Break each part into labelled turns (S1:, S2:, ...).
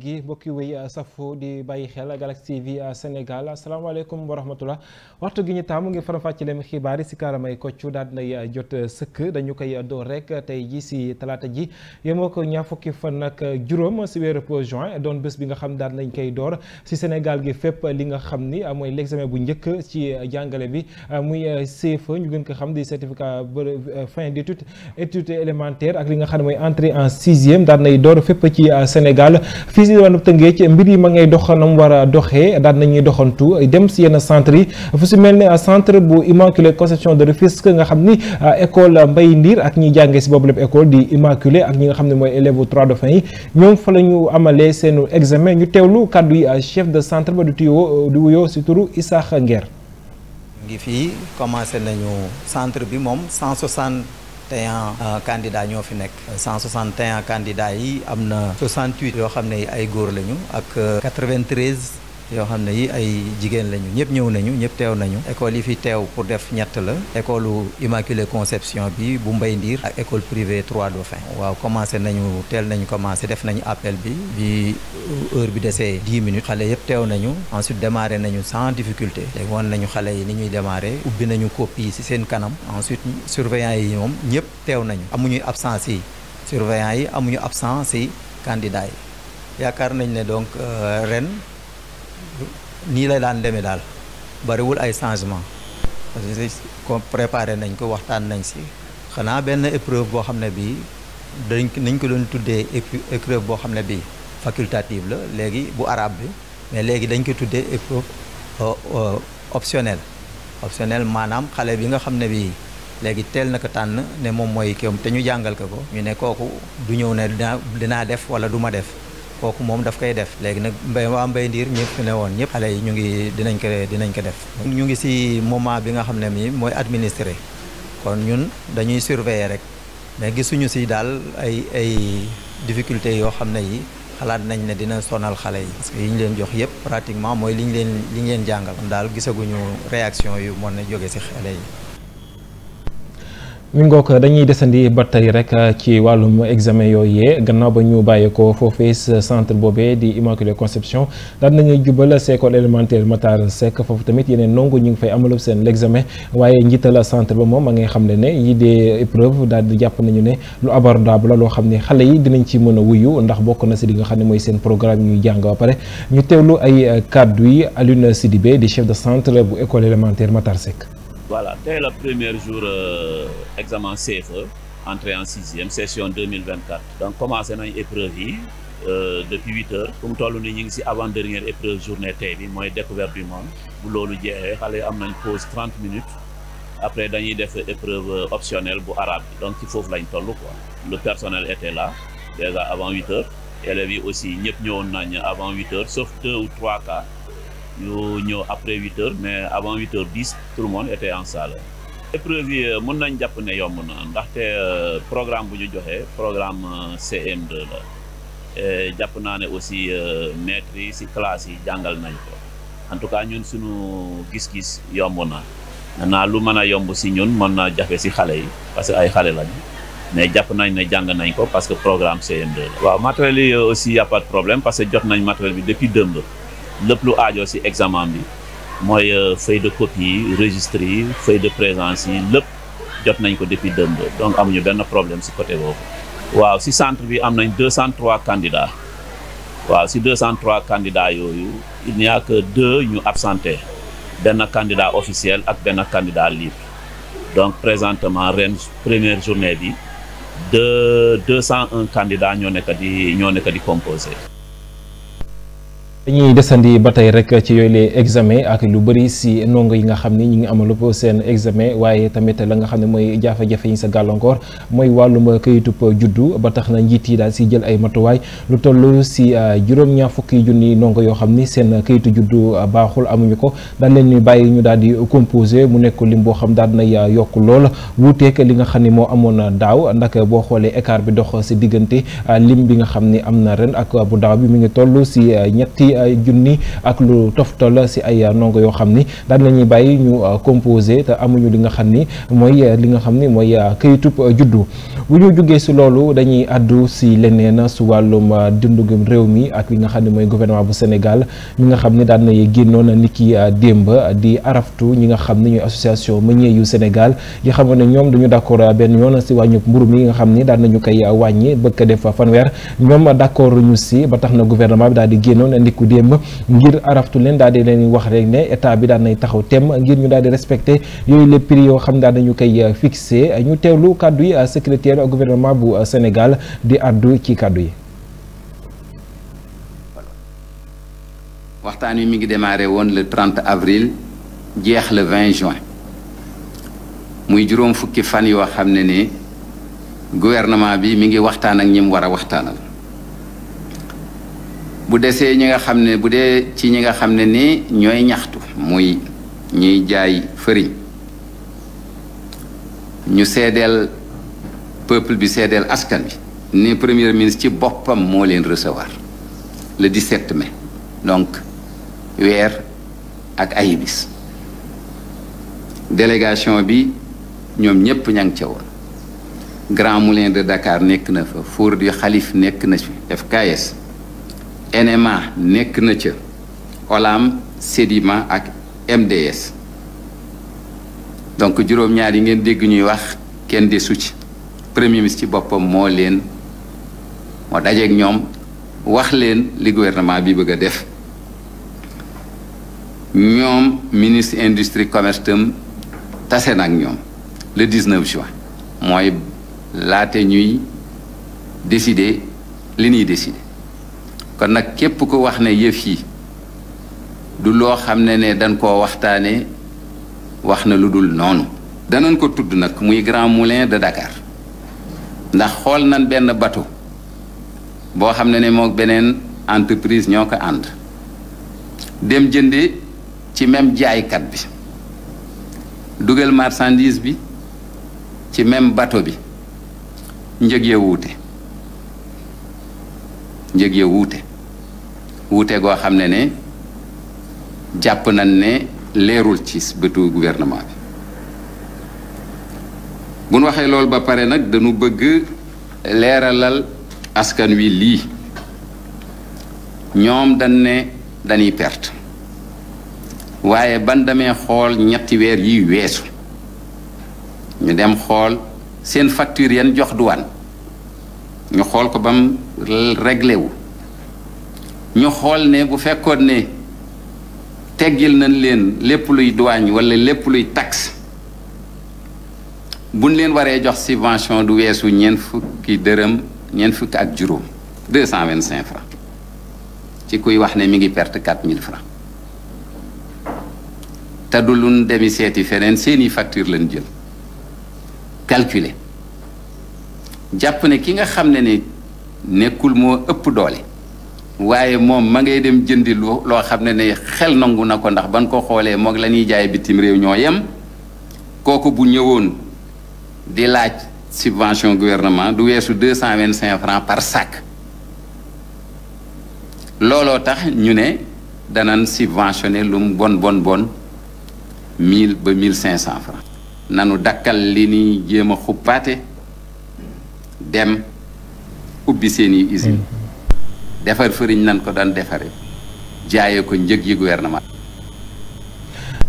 S1: gi mbokki wéy euh, safu di bàyyi xel Galaxy TV euh, Sénégal asalaamaaleykum wa rahmatullah waxtu gi ñu taamu ngi faram-fàcce leen xibaar yi si kaaramay koccu daal dinay euh, jot sëkk dañu koy door rek tey ji si talaata ji yemoo ko ñaar fukki fan nag juróom si weeru juin doon bés bi nga xam daal nañ koy door si Sénégal gi fépp li nga xam ni mooy l'examen bu njëkk ci jàngale bi muy CFEE ñu gën ko xam di certificat fin d'études études élémentaires ak li nga xam ne mooy entrée en sixième daal nay door fépp ci Sénégal fii si diwaanu Tëngéej mbir yi ma ngay doxanam war a doxee daan nañuy doxantu dem si yenn centre yi fu si mel ne centre bu Immaculée Conception de Rufisque nga xam ni euh, école Mbaye Ndiir ak ñi jàngee si boobu lépp école di Immaculée ak ñi nga xam ne mooy élèves trois de fin yi ñoom fa la ñu amalee seen examen ñu teewlu kàddu yi euh, chef de centre ba du tuyoo euh, di wuyoo si turu Isaax Nguer.
S2: ngi fii commencé nañu centre bi moom 160. 161 euh, candidats 161 candidats yi 68 yo xamné ay 93 yo xam yi ay jigéen lañu ñëpp ñëw nañu ñëpp tew nañu école yi fi tew pour def ñett la école Immaculée Conception bi bu Mbay Ndiir ak école privée 3 dauphin waaw commencé nañu tel nañu commencé def nañu appel bi bi euh, heure bi desee 10 minutes xalé yëpp tew nañu ensuite démarré nañu sans difficulté léegi woon nañu xale yi ni ñuy démarré ubbi nañu copie ci seen kanam ensuite surveillant yi ñom ñëpp tew nañu amuñuy absence yi surveillant yi amuñu absence yi candidat yi yaakaar nañ ne donc euh, ren nii la daan demee daal bariwul ay changement parce que comme préparé nañ ko waxtaan nañ si xanaa benn épreuve boo xam ne bii dañ nañ ko doon tuddee épreuve boo xam ne bii facultative la léegi bu arabe bi mais léegi dañ ko tuddee épreuve optionnel euh, euh, optionnel maanaam xale bi nga xam ne bii léegi teel na ko tànn ne moom mooy kéem te ñu jàngal ko ko ñu ne kooku du ñëw ne dinaa dinaa def wala du ma def kooku moom daf koy def léegi nag mbay waa mbay ndiir ñëpp ne woon ñëpp xale yi ñu ngi dinañ ko dinañ ko def ñu ngi si moment bi nga xam ne mi mooy administrer kon ñun dañuy surveiller rek mais gisuñu si daal ay ay difficultés yoo xam ne yi xalaat nañ ne dina sonal xale yi parce yi ñu leen jox yëpp pratiquement mooy li ñu leen li ñu leen jàngal daal gisaguñu réaction yu mën na jóge si xale yi
S1: mi ngook dañuy desandi ba tey rek euh, ci wàllum examen yooyee gannaaw ba ñu bàyyee ko foofee euh, centre boobee di Immaculée Conception daan nañuy jubal sa école élémentaire Matar Seck foofu tamit yeneen ndongo ñu ngi fay amalub seen l'examen waaye njiital centre ba moom a ngay xam ne ne yi dee épreuve daal di jàpp nañu ne lu abordable la loo xam ne xale yi dinañ ci mën a wuyu ndax bokk na si li nga xam ne mooy seen programme ñuy jàng ba pare ñu teewlu ay euh, kàddu yi Alioune Sidibé di chef de centre bu école élémentaire Matar Seck
S3: Voilà, dès le premier jour euh, examen CFE, entrée en sixième, session 2024. Donc, commencer dans l'épreuve euh, depuis 8 heures. Comme vous le savez, ici avant dernière épreuve journée TV, moi, découverte du monde. Vous l'avez dit, on une pause 30 minutes. Après, on a fait épreuve optionnelle pour l'arabe. Donc, il faut que le sachiez. Le personnel était là, déjà avant 8 heures. Et les aussi, nous avons avant 8 heures, sauf deux ou trois cas. yu ñëw après huit mais avant huit dis dix tout le monde était en salle épreuve yi mën nañ jàpp ne yomb na ndaxte euh, programme bu ñu joxe programme euh, cm la jàpp naa ne aussi euh, maîtres yi si classe yi jàngal nañ ko en tout cas ñun suñu gis-gis yomb na naa lu mën a yomb si ñun mën na jafe si xale yi parce que ay xale lañ mais jàpp nañ ne jàng nañ ko parce que programme cm la waaw matériel yi aussi y a pas problème parce que jot nañ matériel bi depuis démb lépp lu aajoo si examen bi mooy euh, feuille de copie yi registre yi feuille de présence yi lépp jot nañ ko depuis démb donc amuñu benn problème si côté boobu. waaw si centre bi am nañ 203 candidats waaw si 203 candidats yooyu il n'y a que deux ñu absenté benn candidat officiel ak benn candidat libre donc présentement ren première journée bi de 201 candidats ñoo nekk di ñoo nekk di composé.
S1: dañuy desandi ba tey rek ci yooyu les examen ak lu bëri si ndongo yi nga xam ni ñu ngi amalub seen examen waaye tamit la nga xam ne mooy jafe-jafe yi sa gàllankoor mooy wàllum kayitub juddu ba tax na njiit yi daal si jël ay matuwaay lu toll si euh, juróom-ñaar fukki junni ndongo yoo xam ni seen kayitu juddu baaxul amuñu ko daal leen ñu bàyyi ñu daal di composé mu nekk lim boo xam daal nay yokk lool wuuteeg li nga xam ni moo amoon daaw ndax boo xoolee écart bi dox si diggante euh, lim bi nga xam ni am na ren ak bu daaw bi mi ngi toll si euh, ñetti ay junni ak lu toftal si ay ndongo yoo xam ni daan la bàyyi ñu euh, composé te amuñu li nga xam ni mooy euh, li nga xam ni mooy euh, kayitub juddu bu ñu jógee si loolu dañuy àddu si leneen su wàllum euh, dundugum réew mi ak li nga xam ne mooy gouvernement bu Sénégal mi nga xam ne daan na génnoon ni ki euh, démb di araftu ñi nga xam ne ñooy association meunier yu Sénégal yi xamoon ne ñoom dañu d'accord euh, benn yoon si wàññub mburu mi nga xam ne daan nañu koy wàññi bëgg def fanweer ñoom d'accord ñu si ba tax na gouvernement bi daal di génnoon ndiku démb ngir araftu leen daal di leen wax rek ne état bi daan nay taxaw tem ngir ñu daal di respecté yooyu les prix xam ne daan nañu koy fixé ñu teewlu kàddu yi secrétaire ministère gouvernement bu euh, Sénégal di àddu ci kàddu yi.
S4: waxtaan wi mi ngi démarré woon le trent avril jeex le juin muy juróom fukki fan yoo xam ne ni gouvernement bi mi ngi waxtaan ak ñim mu war a waxtaanal bu desee ñi nga xam ne bu dee ci ñi nga xam ne ni ñooy ñaxtu muy ñuy jaay fëriñ ñu seedeel peuple bi sédel askan bi premier ministre ci pas mo recevoir le 17 mai donc wer ak ay délégation bi ñom ñep ñang ci won Grand Moulin de Dakar nek Four du Khalif Nek, na ci FKS NMA Nek, na Olam Sedima ak MDS donc juróom-ñaar yi ngeen dégg ñuy wax kenn premier ministre le mo len mo dajé ak ñom wax len li gouvernement bi def le ministre industrie commerce le 19 juin moy laté ñuy décider li ñuy décider kon nak képp ko wax ne yef yi dañ na Grand Moulin de Dakar ndax xool na benn bateau boo xam ne ne moo beneen entreprise ñoo ko ànd dem jëndi ci même jaaykat bi dugal marchandise bi ci même bateau bi njëg ya wuute njëg ya wuute wuute goo xam ne ne jàpp nañ ne leerul ci bëtu gouvernement bi bu waxé waxee ba paré nak dañu bëgg léralal askan wi li ñom dañ né dañuy perte wayé ban demee xool ñetti weer yi wésu ñu dem xol seen facture yeen jox duwaan ñu xol ko bam mu réglé wu ñu xol né bu fekkone ne teggil nañ leen lepp luy douane wala lepp luy taxe buñ leen waree jox subvention du weesu ñeent fukki dërëm ñeent fukki ak juróom deux cent vingt cinq ci kuy wax ne mi ngi perte quatre mille francs te du luñ demi seeti feneen seeni facture lañ jël calculer jàpp ne ki nga xam ne ni nekkul moo ëpp doole waaye moom ma ngay dem jëndi lu loo xam ne ne xel nangu na ko ndax ban ko xoolee moog la ñuy jaay bitim réew ñoo yem kooku bu ñëwoon de la subvention gouvernement, d'où est 225 francs par sac. Lolota, nous avons subventionné l'un bon bon bon 1000 1500 francs. Nous avons d'accord l'ini, j'aime choupate, dem, ou biseni usine.
S1: Mm-hmm.
S4: Défaire, faire nan codan défaire. J'ai eu qu'un jeu du gouvernement.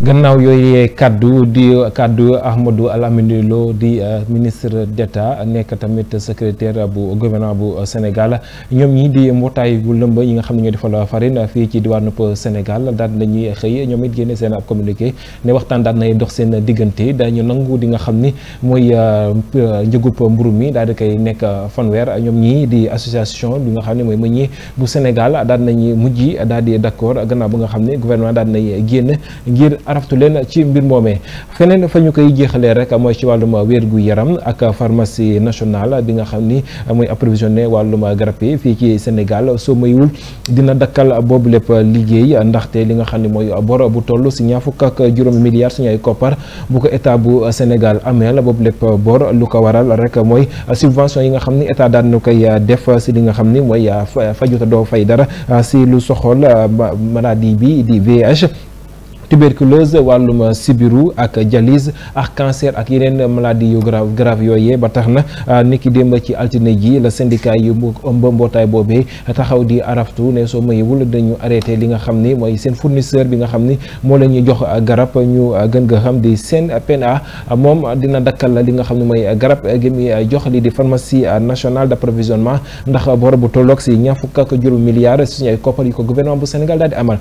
S1: gannaaw yoyé kaddu di kaddu Ahmadou Alamine Lo di eh, ministre d'État nek tamit secrétaire bu gouvernement bu eh, Sénégal ñom ñi di mbootaay bu lemb yi nga xamni ne defal farine eh, fi ci diwaanu Sénégal daan nañuy xey ñom it gene sen communiqué ne waxtan daal nay dox digënté da ñu nangu di nga xamni moy ñëgup mburu mi daal di nek fanwer ñom ñi di association bi nga xamni moy mooy bu Sénégal daan nañu mujjii daal di d'accord gannaaw bu nga xamni gouvernement daal nay ngir araftu leen ci mbir moomee feneen fa ñu koy jeexalee rek mooy ci wàllum wér gu yaram ak pharmacie nationale bi nga xam ni mooy approvisionné wàllum garab yi fii ci Sénégal soo mayul dina dakkal boobu lépp liggéey ndaxte li nga xam ne mooy bor bu toll si ñaa fukk ak juróomi milliards suñu ay koppar bu ko état bu Sénégal ameel boobu lépp bor lu ko waral rek mooy subvention yi nga xam ni état daan na koy def si li nga xam ni mooy fajuta doo fay dara si lu soxol maladie tuberculose wàllum sibiru ak dialyse ak cancer ak yeneen maladie yu grave grave yooyee ba tax na euh, niki démb ci altine ji la syndicat yu ëmb mbootaay boobee taxaw di araftu ne soo mayewul dañu arrêté li nga xam ni mooy seen fournisseur bi nga xam ni moo la ñuy jox garab ñu gën ga xam di seen PNA moom dina dakkal li nga xam ne mooy garab gi muy jox li di pharmacie nationale d'approvisionnement ndax bor bu tolloog si ñaar fukk ak juróom milliards suñu ay koppar yi ko gouvernement bu Sénégal daal di amal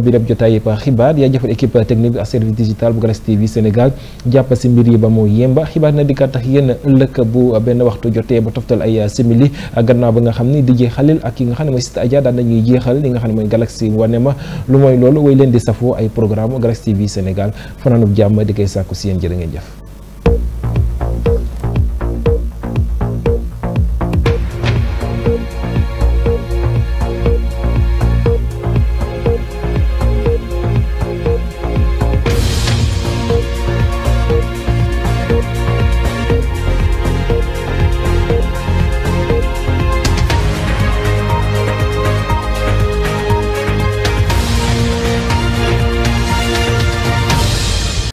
S1: bi rek jotaay xibaar yaa jëfal équipe technique ak service digital bu Galaxy TV Sénégal jàpp si mbir yi ba mu yemba xibaar na dikkaat tax yéen ëllëg bu benn waxtu jotee ba toftal ay simili gannaaw ba nga xam ni DJ Khalil ak ki nga xam ne mooy Sita Adja daan nañuy jeexal li nga xam ne mooy Galaxy Wanema lu mooy loolu way leen di safoo ay programme Galaxy TV Sénégal fanaanub jàmm di koy sàkku si yéen jërë ngeen